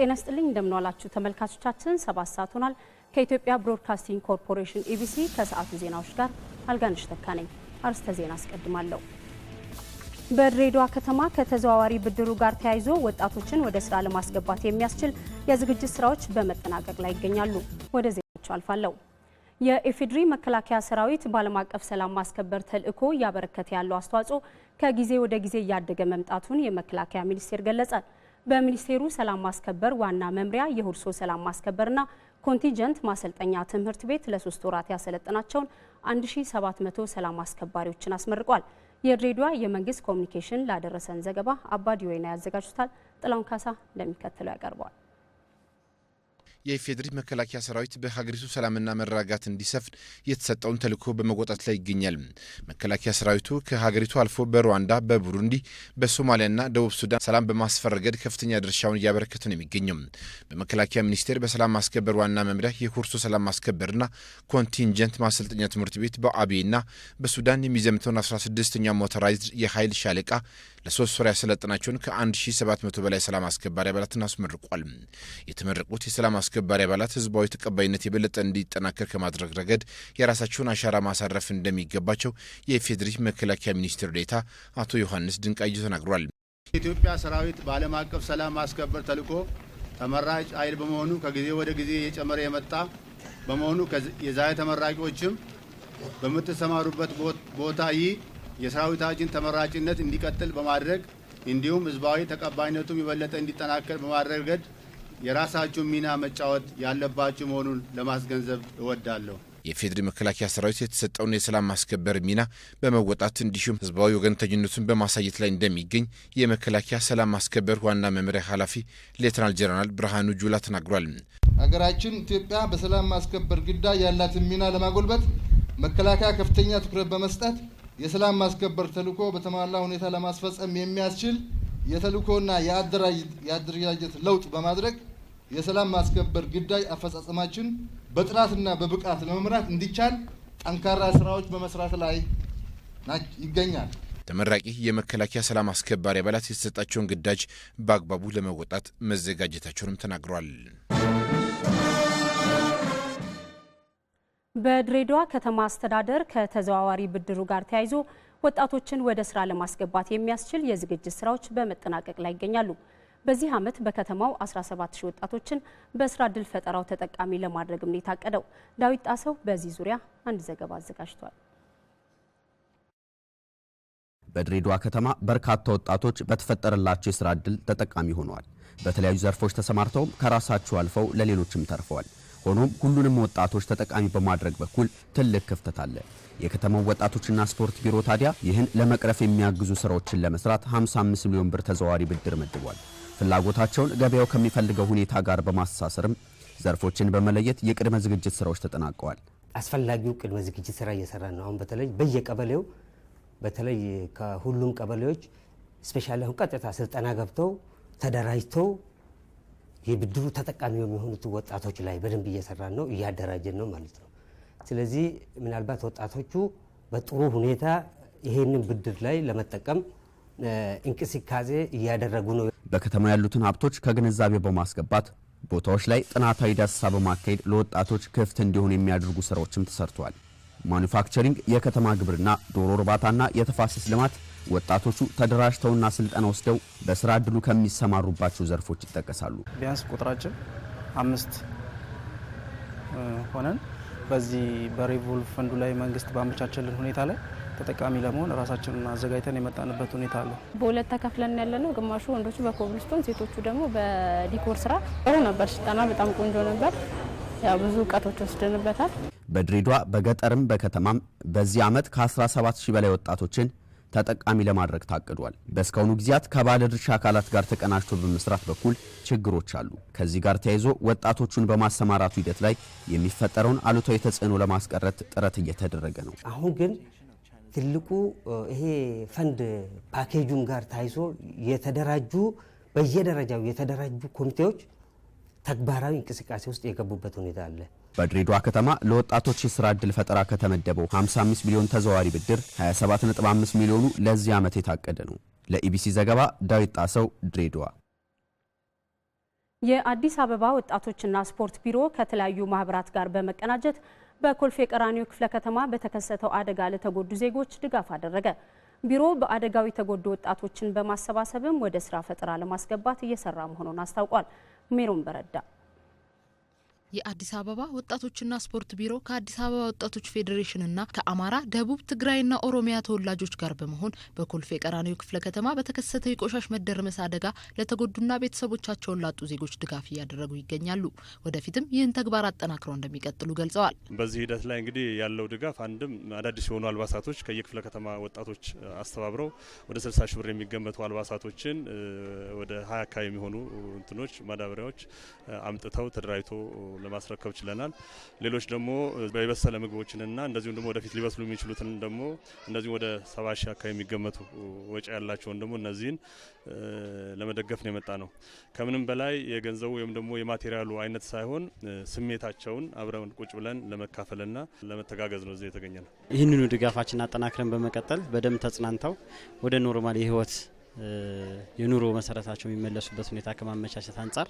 ጤና ስጥልኝ እንደምንዋላችሁ ተመልካቾቻችን፣ ሰባት ሰዓት ሆኗል። ከኢትዮጵያ ብሮድካስቲንግ ኮርፖሬሽን ኢቢሲ ከሰዓቱ ዜናዎች ጋር አልጋንሽ ተካ ነኝ። አርስተ ዜና አስቀድማለሁ። በድሬዳዋ ከተማ ከተዘዋዋሪ ብድሩ ጋር ተያይዞ ወጣቶችን ወደ ስራ ለማስገባት የሚያስችል የዝግጅት ስራዎች በመጠናቀቅ ላይ ይገኛሉ። ወደ ዜናዎቹ አልፋለሁ። የኢፌዴሪ መከላከያ ሰራዊት በዓለም አቀፍ ሰላም ማስከበር ተልዕኮ እያበረከተ ያለው አስተዋጽኦ ከጊዜ ወደ ጊዜ እያደገ መምጣቱን የመከላከያ ሚኒስቴር ገለጸ። በሚኒስቴሩ ሰላም ማስከበር ዋና መምሪያ የሁርሶ ሰላም ማስከበርና ኮንቲንጀንት ማሰልጠኛ ትምህርት ቤት ለሶስት ወራት ያሰለጠናቸውን 1700 ሰላም አስከባሪዎችን አስመርቋል። የድሬዳዋ የመንግስት ኮሚኒኬሽን ላደረሰን ዘገባ አባዲ ወይና ያዘጋጁታል። ጥላውን ካሳ እንደሚከተለው ያቀርበዋል። የኢፌዴሪ መከላከያ ሰራዊት በሀገሪቱ ሰላምና መረጋጋት እንዲሰፍን የተሰጠውን ተልዕኮ በመወጣት ላይ ይገኛል። መከላከያ ሰራዊቱ ከሀገሪቱ አልፎ በሩዋንዳ፣ በቡሩንዲ፣ በሶማሊያና ደቡብ ሱዳን ሰላም በማስፈር ረገድ ከፍተኛ ድርሻውን እያበረከቱ ነው የሚገኘው። በመከላከያ ሚኒስቴር በሰላም ማስከበር ዋና መምሪያ የኮርሶ ሰላም ማስከበርና ኮንቲንጀንት ማሰልጠኛ ትምህርት ቤት በአቤና በሱዳን የሚዘምተውን 16ኛ ሞተራይዝድ የኃይል ሻለቃ ለሶስት ወር ያሰለጠናቸውን ከ1700 በላይ ሰላም አስከባሪ አባላትን አስመርቋል። የተመረቁት የሰላም አስከባሪ አባላት ህዝባዊ ተቀባይነት የበለጠ እንዲጠናከር ከማድረግ ረገድ የራሳቸውን አሻራ ማሳረፍ እንደሚገባቸው የኢፌዴሪ መከላከያ ሚኒስትር ዴኤታ አቶ ዮሐንስ ድንቃዩ ተናግሯል። የኢትዮጵያ ሰራዊት በዓለም አቀፍ ሰላም ማስከበር ተልዕኮ ተመራጭ ኃይል በመሆኑ ከጊዜ ወደ ጊዜ እየጨመረ የመጣ በመሆኑ የዛሬ ተመራቂዎችም በምትሰማሩበት ቦታ ይህ የሰራዊታችን ተመራጭነት እንዲቀጥል በማድረግ እንዲሁም ህዝባዊ ተቀባይነቱም የበለጠ እንዲጠናከር በማድረግ የራሳችሁን ሚና መጫወት ያለባችሁ መሆኑን ለማስገንዘብ እወዳለሁ። የፌዴሪ መከላከያ ሰራዊት የተሰጠውን የሰላም ማስከበር ሚና በመወጣት እንዲሁም ህዝባዊ ወገንተኝነቱን በማሳየት ላይ እንደሚገኝ የመከላከያ ሰላም ማስከበር ዋና መምሪያ ኃላፊ ሌተናል ጀነራል ብርሃኑ ጁላ ተናግሯል። ሀገራችን ኢትዮጵያ በሰላም ማስከበር ግዳጅ ያላትን ሚና ለማጎልበት መከላከያ ከፍተኛ ትኩረት በመስጠት የሰላም ማስከበር ተልኮ በተሟላ ሁኔታ ለማስፈጸም የሚያስችል የተልዕኮና የአደረጃጀት ለውጥ በማድረግ የሰላም ማስከበር ግዳጅ አፈጻጸማችን በጥራትና በብቃት ለመምራት እንዲቻል ጠንካራ ስራዎች በመስራት ላይ ይገኛል። ተመራቂ የመከላከያ ሰላም አስከባሪ አባላት የተሰጣቸውን ግዳጅ በአግባቡ ለመወጣት መዘጋጀታቸውንም ተናግሯል። በድሬዳዋ ከተማ አስተዳደር ከተዘዋዋሪ ብድሩ ጋር ተያይዞ ወጣቶችን ወደ ስራ ለማስገባት የሚያስችል የዝግጅት ስራዎች በመጠናቀቅ ላይ ይገኛሉ። በዚህ ዓመት በከተማው 17000 ወጣቶችን በስራ እድል ፈጠራው ተጠቃሚ ለማድረግም ነው የታቀደው። ዳዊት ጣሰው በዚህ ዙሪያ አንድ ዘገባ አዘጋጅቷል። በድሬዳዋ ከተማ በርካታ ወጣቶች በተፈጠረላቸው የስራ እድል ተጠቃሚ ሆነዋል። በተለያዩ ዘርፎች ተሰማርተውም ከራሳቸው አልፈው ለሌሎችም ተርፈዋል። ሆኖም ሁሉንም ወጣቶች ተጠቃሚ በማድረግ በኩል ትልቅ ክፍተት አለ። የከተማው ወጣቶችና ስፖርት ቢሮ ታዲያ ይህን ለመቅረፍ የሚያግዙ ስራዎችን ለመስራት 55 ሚሊዮን ብር ተዘዋዋሪ ብድር መድቧል። ፍላጎታቸውን ገበያው ከሚፈልገው ሁኔታ ጋር በማስተሳሰርም ዘርፎችን በመለየት የቅድመ ዝግጅት ስራዎች ተጠናቀዋል። አስፈላጊው ቅድመ ዝግጅት ስራ እየሰራ ነው። አሁን በተለይ በየቀበሌው በተለይ ከሁሉም ቀበሌዎች ስፔሻሊ አሁን ቀጥታ ስልጠና ገብተው ተደራጅተው የብድሩ ተጠቃሚ የሚሆኑት ወጣቶች ላይ በደንብ እየሰራን ነው፣ እያደራጀን ነው ማለት ነው። ስለዚህ ምናልባት ወጣቶቹ በጥሩ ሁኔታ ይሄንን ብድር ላይ ለመጠቀም እንቅስቃሴ እያደረጉ ነው። በከተማ ያሉትን ሀብቶች ከግንዛቤ በማስገባት ቦታዎች ላይ ጥናታዊ ዳሰሳ በማካሄድ ለወጣቶች ክፍት እንዲሆኑ የሚያደርጉ ስራዎችም ተሰርተዋል። ማኑፋክቸሪንግ፣ የከተማ ግብርና፣ ዶሮ እርባታና የተፋሰስ ልማት ወጣቶቹ ተደራጅተውና ስልጠና ወስደው በስራ እድሉ ከሚሰማሩባቸው ዘርፎች ይጠቀሳሉ። ቢያንስ ቁጥራችን አምስት ሆነን በዚህ በሪቮልቭ ፈንዱ ላይ መንግስት ባመቻቸልን ሁኔታ ላይ ተጠቃሚ ለመሆን ራሳችንን አዘጋጅተን የመጣንበት ሁኔታ አለ። በሁለት ተከፍለን ያለ ነው። ግማሹ ወንዶቹ በኮብልስቶን፣ ሴቶቹ ደግሞ በዲኮር ስራ። ጥሩ ነበር ስልጠና፣ በጣም ቆንጆ ነበር። ያው ብዙ እውቀቶች ወስደንበታል። በድሬዷ በገጠርም በከተማም በዚህ አመት ከ17 ሺህ በላይ ወጣቶችን ተጠቃሚ ለማድረግ ታቅዷል። በእስካሁኑ ጊዜያት ከባለድርሻ አካላት ጋር ተቀናጅቶ በመስራት በኩል ችግሮች አሉ። ከዚህ ጋር ተያይዞ ወጣቶቹን በማሰማራቱ ሂደት ላይ የሚፈጠረውን አሉታዊ ተጽዕኖ ለማስቀረት ጥረት እየተደረገ ነው። አሁን ግን ትልቁ ይሄ ፈንድ ፓኬጁን ጋር ታይዞ የተደራጁ በየደረጃው የተደራጁ ኮሚቴዎች ተግባራዊ እንቅስቃሴ ውስጥ የገቡበት ሁኔታ አለ። በድሬዳዋ ከተማ ለወጣቶች የስራ ዕድል ፈጠራ ከተመደበው 55 ሚሊዮን ተዘዋሪ ብድር 27.5 ሚሊዮኑ ለዚህ ዓመት የታቀደ ነው። ለኢቢሲ ዘገባ ዳዊት ጣሰው ድሬዳዋ። የአዲስ አበባ ወጣቶችና ስፖርት ቢሮ ከተለያዩ ማህበራት ጋር በመቀናጀት በኮልፌ ቀራኒዮ ክፍለ ከተማ በተከሰተው አደጋ ለተጎዱ ዜጎች ድጋፍ አደረገ። ቢሮ በአደጋው የተጎዱ ወጣቶችን በማሰባሰብም ወደ ስራ ፈጠራ ለማስገባት እየሰራ መሆኑን አስታውቋል። ሜሮን በረዳ የአዲስ አበባ ወጣቶችና ስፖርት ቢሮ ከአዲስ አበባ ወጣቶች ፌዴሬሽንና ከአማራ፣ ደቡብ፣ ትግራይና ኦሮሚያ ተወላጆች ጋር በመሆን በኮልፌ ቀራኒዮ ክፍለ ከተማ በተከሰተ የቆሻሽ መደርመስ አደጋ ለተጎዱና ቤተሰቦቻቸውን ላጡ ዜጎች ድጋፍ እያደረጉ ይገኛሉ። ወደፊትም ይህን ተግባር አጠናክረው እንደሚቀጥሉ ገልጸዋል። በዚህ ሂደት ላይ እንግዲህ ያለው ድጋፍ አንድም አዳዲስ የሆኑ አልባሳቶች ከየክፍለ ከተማ ወጣቶች አስተባብረው ወደ 60 ሺ ብር የሚገመቱ አልባሳቶችን ወደ ሀያ አካባቢ የሚሆኑ እንትኖች ማዳበሪያዎች አምጥተው ተደራጅቶ ለማስረከብ ችለናል። ሌሎች ደግሞ የበሰለ ምግቦችንና እንደዚሁም ደግሞ ወደፊት ሊበስሉ የሚችሉትን ደግሞ እንደዚሁም ወደ ሰባ ሺህ አካባቢ የሚገመቱ ወጪ ያላቸውን ደግሞ እነዚህን ለመደገፍ ነው የመጣ ነው። ከምንም በላይ የገንዘቡ ወይም ደግሞ የማቴሪያሉ አይነት ሳይሆን ስሜታቸውን አብረን ቁጭ ብለን ለመካፈልና ለመተጋገዝ ነው እዚህ የተገኘ ነው። ይህንኑ ድጋፋችን አጠናክረን በመቀጠል በደንብ ተጽናንተው ወደ ኖርማል የህይወት የኑሮ መሰረታቸው የሚመለሱበት ሁኔታ ከማመቻቸት አንጻር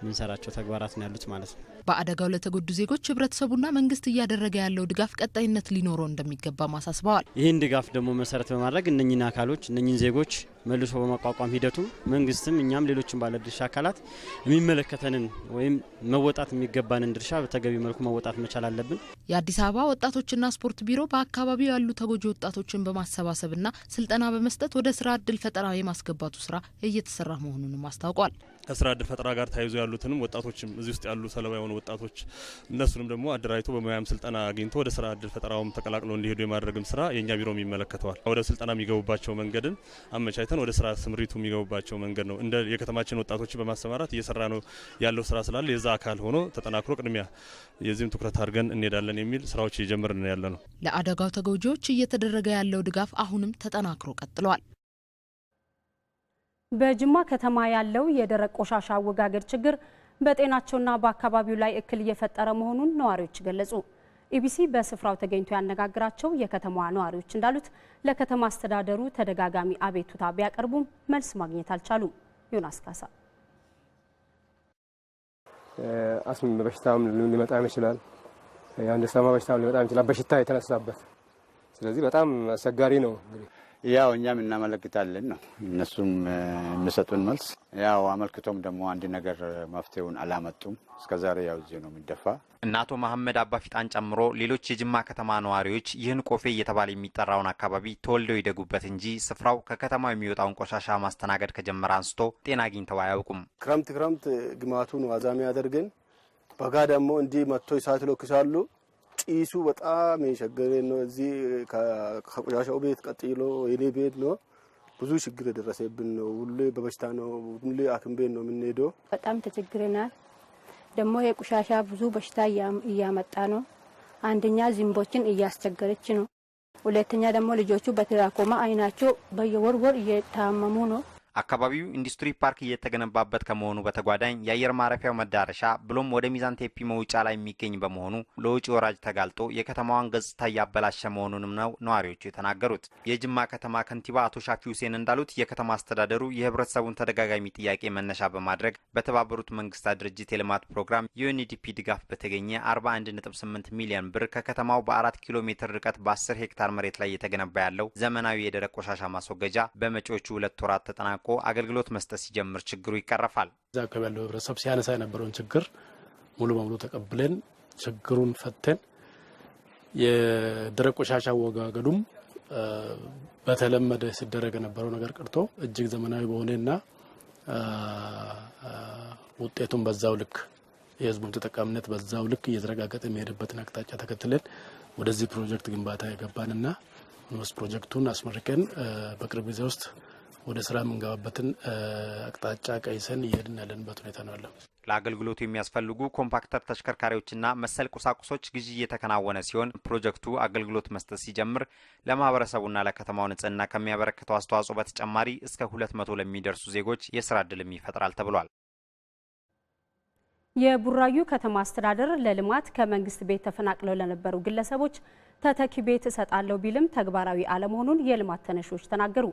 የምንሰራቸው ተግባራት ነው ያሉት ማለት ነው። በአደጋው ለተጎዱ ዜጎች ህብረተሰቡና መንግስት እያደረገ ያለው ድጋፍ ቀጣይነት ሊኖረው እንደሚገባም አሳስበዋል። ይህን ድጋፍ ደግሞ መሰረት በማድረግ እነኝን አካሎች እነኝን ዜጎች መልሶ በማቋቋም ሂደቱ መንግስትም እኛም ሌሎችን ባለድርሻ አካላት የሚመለከተንን ወይም መወጣት የሚገባንን ድርሻ በተገቢ መልኩ መወጣት መቻል አለብን። የአዲስ አበባ ወጣቶችና ስፖርት ቢሮ በአካባቢው ያሉ ተጎጂ ወጣቶችን በማሰባሰብና ስልጠና በመስጠት ወደ ስራ እድል ፈጠራ የማስገባቱ ስራ እየተሰራ መሆኑንም አስታውቋል። ከስራ እድል ፈጠራ ጋር ተያይዞ ያሉትንም ወጣቶችም እዚህ ውስጥ ያሉ ሰለባ የሆኑ ወጣቶች እነሱንም ደግሞ አደራጅቶ በሙያም ስልጠና አግኝቶ ወደ ስራ እድል ፈጠራውም ተቀላቅሎ እንዲሄዱ የማድረግም ስራ የእኛ ቢሮም ይመለከተዋል። ወደ ስልጠና የሚገቡባቸው መንገድን አመቻችተን ወደ ስራ ስምሪቱ የሚገቡባቸው መንገድ ነው። እንደ የከተማችን ወጣቶችን በማሰማራት እየሰራ ነው ያለው ስራ ስላለ የዛ አካል ሆኖ ተጠናክሮ ቅድሚያ የዚህም ትኩረት አድርገን እንሄዳለን የሚል ስራዎች እየጀመርን ያለ ነው። ለአደጋው ተጎጂዎች እየተደረገ ያለው ድጋፍ አሁንም ተጠናክሮ ቀጥሏል። በጅማ ከተማ ያለው የደረቅ ቆሻሻ አወጋገድ ችግር በጤናቸውና በአካባቢው ላይ እክል እየፈጠረ መሆኑን ነዋሪዎች ገለጹ። ኢቢሲ በስፍራው ተገኝቶ ያነጋግራቸው የከተማዋ ነዋሪዎች እንዳሉት ለከተማ አስተዳደሩ ተደጋጋሚ አቤቱታ ቢያቀርቡም መልስ ማግኘት አልቻሉም። ዮናስ ካሳ አስም በሽታም ሊመጣም ይችላል፣ የአንድ ሰማ በሽታም ሊመጣም ይችላል፣ በሽታ የተነሳበት ስለዚህ በጣም አስቸጋሪ ነው እንግዲህ ያው እኛም እናመለክታለን ነው እነሱም የሚሰጡን መልስ። ያው አመልክቶም ደግሞ አንድ ነገር መፍትሄውን አላመጡም። እስከዛሬ ያው እዚህ ነው የሚደፋ እና አቶ መሐመድ አባፊጣን ጨምሮ ሌሎች የጅማ ከተማ ነዋሪዎች ይህን ቆፌ እየተባለ የሚጠራውን አካባቢ ተወልደው ይደጉበት እንጂ ስፍራው ከከተማው የሚወጣውን ቆሻሻ ማስተናገድ ከጀመረ አንስቶ ጤና አግኝተው አያውቁም። ክረምት ክረምት ግማቱን ዋዛሚ የሚያደርግን በጋ ደግሞ እንዲህ መጥቶ ይሳት ጢሱ በጣም የቸገረን ነው። እዚህ ከቆሻሻው ቤት ቀጥሎ የኔ ቤት ነው። ብዙ ችግር የደረሰብን ነው። ሁሌ በበሽታ ነው። ሁሌ ሐኪም ቤት ነው የምንሄደው። በጣም ተቸግረናል። ደግሞ የቆሻሻ ብዙ በሽታ እያመጣ ነው። አንደኛ ዝንቦችን እያስቸገረች ነው። ሁለተኛ ደግሞ ልጆቹ በትራኮማ አይናቸው በየወርወር እየታመሙ ነው። አካባቢው ኢንዱስትሪ ፓርክ እየተገነባበት ከመሆኑ በተጓዳኝ የአየር ማረፊያው መዳረሻ ብሎም ወደ ሚዛን ቴፒ መውጫ ላይ የሚገኝ በመሆኑ ለውጭ ወራጅ ተጋልጦ የከተማዋን ገጽታ እያበላሸ መሆኑንም ነው ነዋሪዎቹ የተናገሩት። የጅማ ከተማ ከንቲባ አቶ ሻፊ ሁሴን እንዳሉት የከተማ አስተዳደሩ የህብረተሰቡን ተደጋጋሚ ጥያቄ መነሻ በማድረግ በተባበሩት መንግስታት ድርጅት የልማት ፕሮግራም ዩኤንዲፒ ድጋፍ በተገኘ 418 ሚሊዮን ብር ከከተማው በአራት ኪሎ ሜትር ርቀት በ10 ሄክታር መሬት ላይ እየተገነባ ያለው ዘመናዊ የደረቅ ቆሻሻ ማስወገጃ በመጪዎቹ ሁለት ወራት ተጠናቆ ተጠናቆ አገልግሎት መስጠት ሲጀምር ችግሩ ይቀረፋል። እዚ አካባቢ ያለው ህብረተሰብ ሲያነሳ የነበረውን ችግር ሙሉ በሙሉ ተቀብለን ችግሩን ፈተን የደረቅ ቆሻሻ አወጋገዱም በተለመደ ሲደረግ የነበረው ነገር ቀርቶ እጅግ ዘመናዊ በሆነና ውጤቱን በዛው ልክ የህዝቡን ተጠቃሚነት በዛው ልክ እየተረጋገጠ የሚሄድበትን አቅጣጫ ተከትለን ወደዚህ ፕሮጀክት ግንባታ የገባንና ስ ፕሮጀክቱን አስመርቀን በቅርብ ጊዜ ውስጥ ወደ ስራ የምንገባበትን አቅጣጫ ቀይሰን እየሄድን ያለንበት ሁኔታ ነው ያለው። ለአገልግሎቱ የሚያስፈልጉ ኮምፓክተር ተሽከርካሪዎችና መሰል ቁሳቁሶች ግዢ እየተከናወነ ሲሆን ፕሮጀክቱ አገልግሎት መስጠት ሲጀምር ለማህበረሰቡና ለከተማው ንጽህና ከሚያበረክተው አስተዋጽኦ በተጨማሪ እስከ ሁለት መቶ ለሚደርሱ ዜጎች የስራ እድልም ይፈጥራል ተብሏል። የቡራዩ ከተማ አስተዳደር ለልማት ከመንግስት ቤት ተፈናቅለው ለነበሩ ግለሰቦች ተተኪ ቤት እሰጣለሁ ቢልም ተግባራዊ አለመሆኑን የልማት ተነሾች ተናገሩ።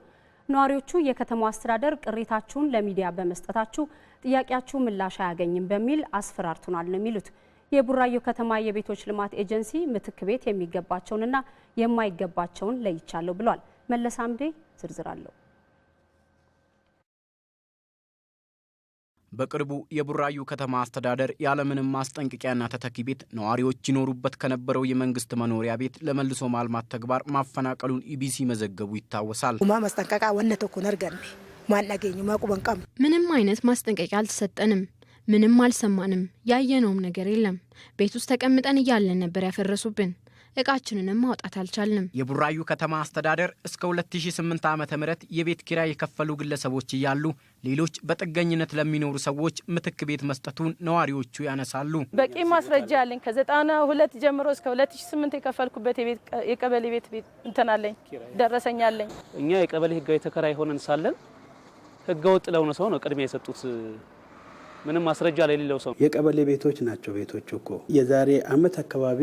ነዋሪዎቹ የከተማው አስተዳደር ቅሬታችሁን ለሚዲያ በመስጠታችሁ ጥያቄያችሁ ምላሽ አያገኝም በሚል አስፈራርቱናል ነው የሚሉት። የቡራዮ ከተማ የቤቶች ልማት ኤጀንሲ ምትክ ቤት የሚገባቸውንና የማይገባቸውን ለይቻለሁ ብሏል። መለስ አምዴ ዝርዝር አለው። በቅርቡ የቡራዩ ከተማ አስተዳደር ያለምንም ማስጠንቀቂያና ተተኪ ቤት ነዋሪዎች ይኖሩበት ከነበረው የመንግስት መኖሪያ ቤት ለመልሶ ማልማት ተግባር ማፈናቀሉን ኢቢሲ መዘገቡ ይታወሳል። ማ ማስጠንቀቂያ ወነ ተኮን ማናገኙ ማናገኝ ምንም አይነት ማስጠንቀቂያ አልተሰጠንም። ምንም አልሰማንም። ያየነውም ነገር የለም። ቤት ውስጥ ተቀምጠን እያለን ነበር ያፈረሱብን። እቃችንንም ማውጣት አልቻልንም። የቡራዩ ከተማ አስተዳደር እስከ 2008 ዓ ም የቤት ኪራይ የከፈሉ ግለሰቦች እያሉ ሌሎች በጥገኝነት ለሚኖሩ ሰዎች ምትክ ቤት መስጠቱን ነዋሪዎቹ ያነሳሉ። በቂ ማስረጃ አለኝ። ከ92 ጀምሮ እስከ 2008 የከፈልኩበት የቀበሌ ቤት ቤት እንትናለኝ ደረሰኛለኝ። እኛ የቀበሌ ህጋዊ ተከራይ ሆነን ሳለን ህገ ወጥ ለሆነ ሰው ነው ቅድሚያ የሰጡት። ምንም ማስረጃ ላይ ሰው የቀበሌ ቤቶች ናቸው። ቤቶች እኮ የዛሬ አመት አካባቢ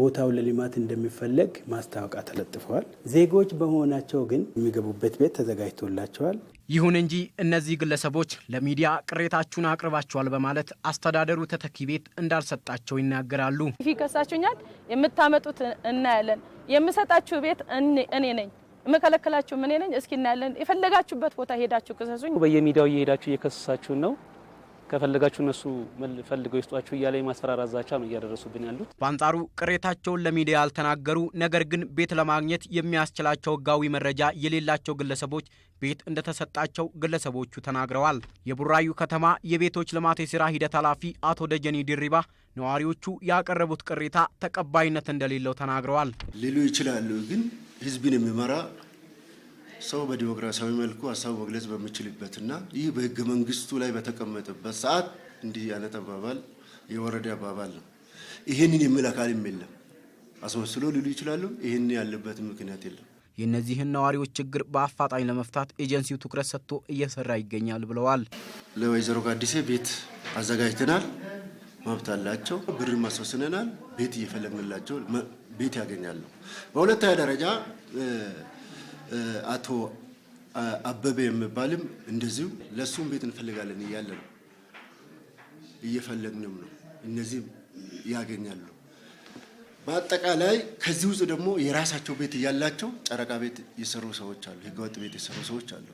ቦታው ለልማት እንደሚፈለግ ማስታወቂያ ተለጥፈዋል። ዜጎች በመሆናቸው ግን የሚገቡበት ቤት ተዘጋጅቶላቸዋል። ይሁን እንጂ እነዚህ ግለሰቦች ለሚዲያ ቅሬታችሁን አቅርባችኋል በማለት አስተዳደሩ ተተኪ ቤት እንዳልሰጣቸው ይናገራሉ። ይከሳችሁኛል፣ የምታመጡት እናያለን። የምሰጣችሁ ቤት እኔ ነኝ የምከለከላችሁ ምን ነኝ። እስኪ እናያለን። የፈለጋችሁበት ቦታ ሄዳችሁ ክሰሱኝ። በየሚዲያው እየሄዳችሁ እየከሰሳችሁን ነው ከፈለጋችሁ እነሱ ፈልገው ይስጧችሁ እያለ የማስፈራራት ዛቻ ነው እያደረሱብን ያሉት። በአንጻሩ ቅሬታቸውን ለሚዲያ ያልተናገሩ ነገር ግን ቤት ለማግኘት የሚያስችላቸው ህጋዊ መረጃ የሌላቸው ግለሰቦች ቤት እንደተሰጣቸው ግለሰቦቹ ተናግረዋል። የቡራዩ ከተማ የቤቶች ልማት የስራ ሂደት ኃላፊ አቶ ደጀኒ ድሪባ ነዋሪዎቹ ያቀረቡት ቅሬታ ተቀባይነት እንደሌለው ተናግረዋል። ሊሉ ይችላሉ፣ ግን ህዝብን የሚመራ ሰው በዲሞክራሲያዊ መልኩ ሀሳቡ መግለጽ በሚችልበትና ይህ በህገ መንግስቱ ላይ በተቀመጠበት ሰዓት እንዲህ አይነት አባባል የወረደ አባባል ነው። ይህንን የሚል አካልም የለም። አስመስሎ ሊሉ ይችላሉ። ይህን ያለበት ምክንያት የለም። የእነዚህን ነዋሪዎች ችግር በአፋጣኝ ለመፍታት ኤጀንሲው ትኩረት ሰጥቶ እየሰራ ይገኛል ብለዋል። ለወይዘሮ ጋዲሴ ቤት አዘጋጅተናል። መብት አላቸው። ብር ማስወስነናል። ቤት እየፈለግንላቸው ቤት ያገኛሉ። በሁለተኛ ደረጃ አቶ አበበ የሚባልም እንደዚሁ ለእሱም ቤት እንፈልጋለን እያለ ነው፣ እየፈለግንም ነው። እነዚህም ያገኛሉ። በአጠቃላይ ከዚህ ውስጥ ደግሞ የራሳቸው ቤት እያላቸው ጨረቃ ቤት የሰሩ ሰዎች አሉ፣ ህገወጥ ቤት የሰሩ ሰዎች አሉ።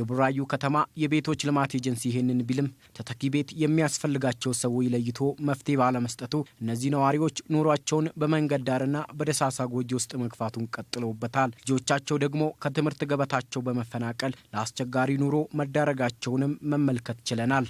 የቡራዩ ከተማ የቤቶች ልማት ኤጀንሲ ይህንን ቢልም ተተኪ ቤት የሚያስፈልጋቸው ሰዎች ለይቶ መፍትሄ ባለመስጠቱ እነዚህ ነዋሪዎች ኑሯቸውን በመንገድ ዳርና በደሳሳ ጎጆ ውስጥ መግፋቱን ቀጥለውበታል። ልጆቻቸው ደግሞ ከትምህርት ገበታቸው በመፈናቀል ለአስቸጋሪ ኑሮ መዳረጋቸውንም መመልከት ችለናል።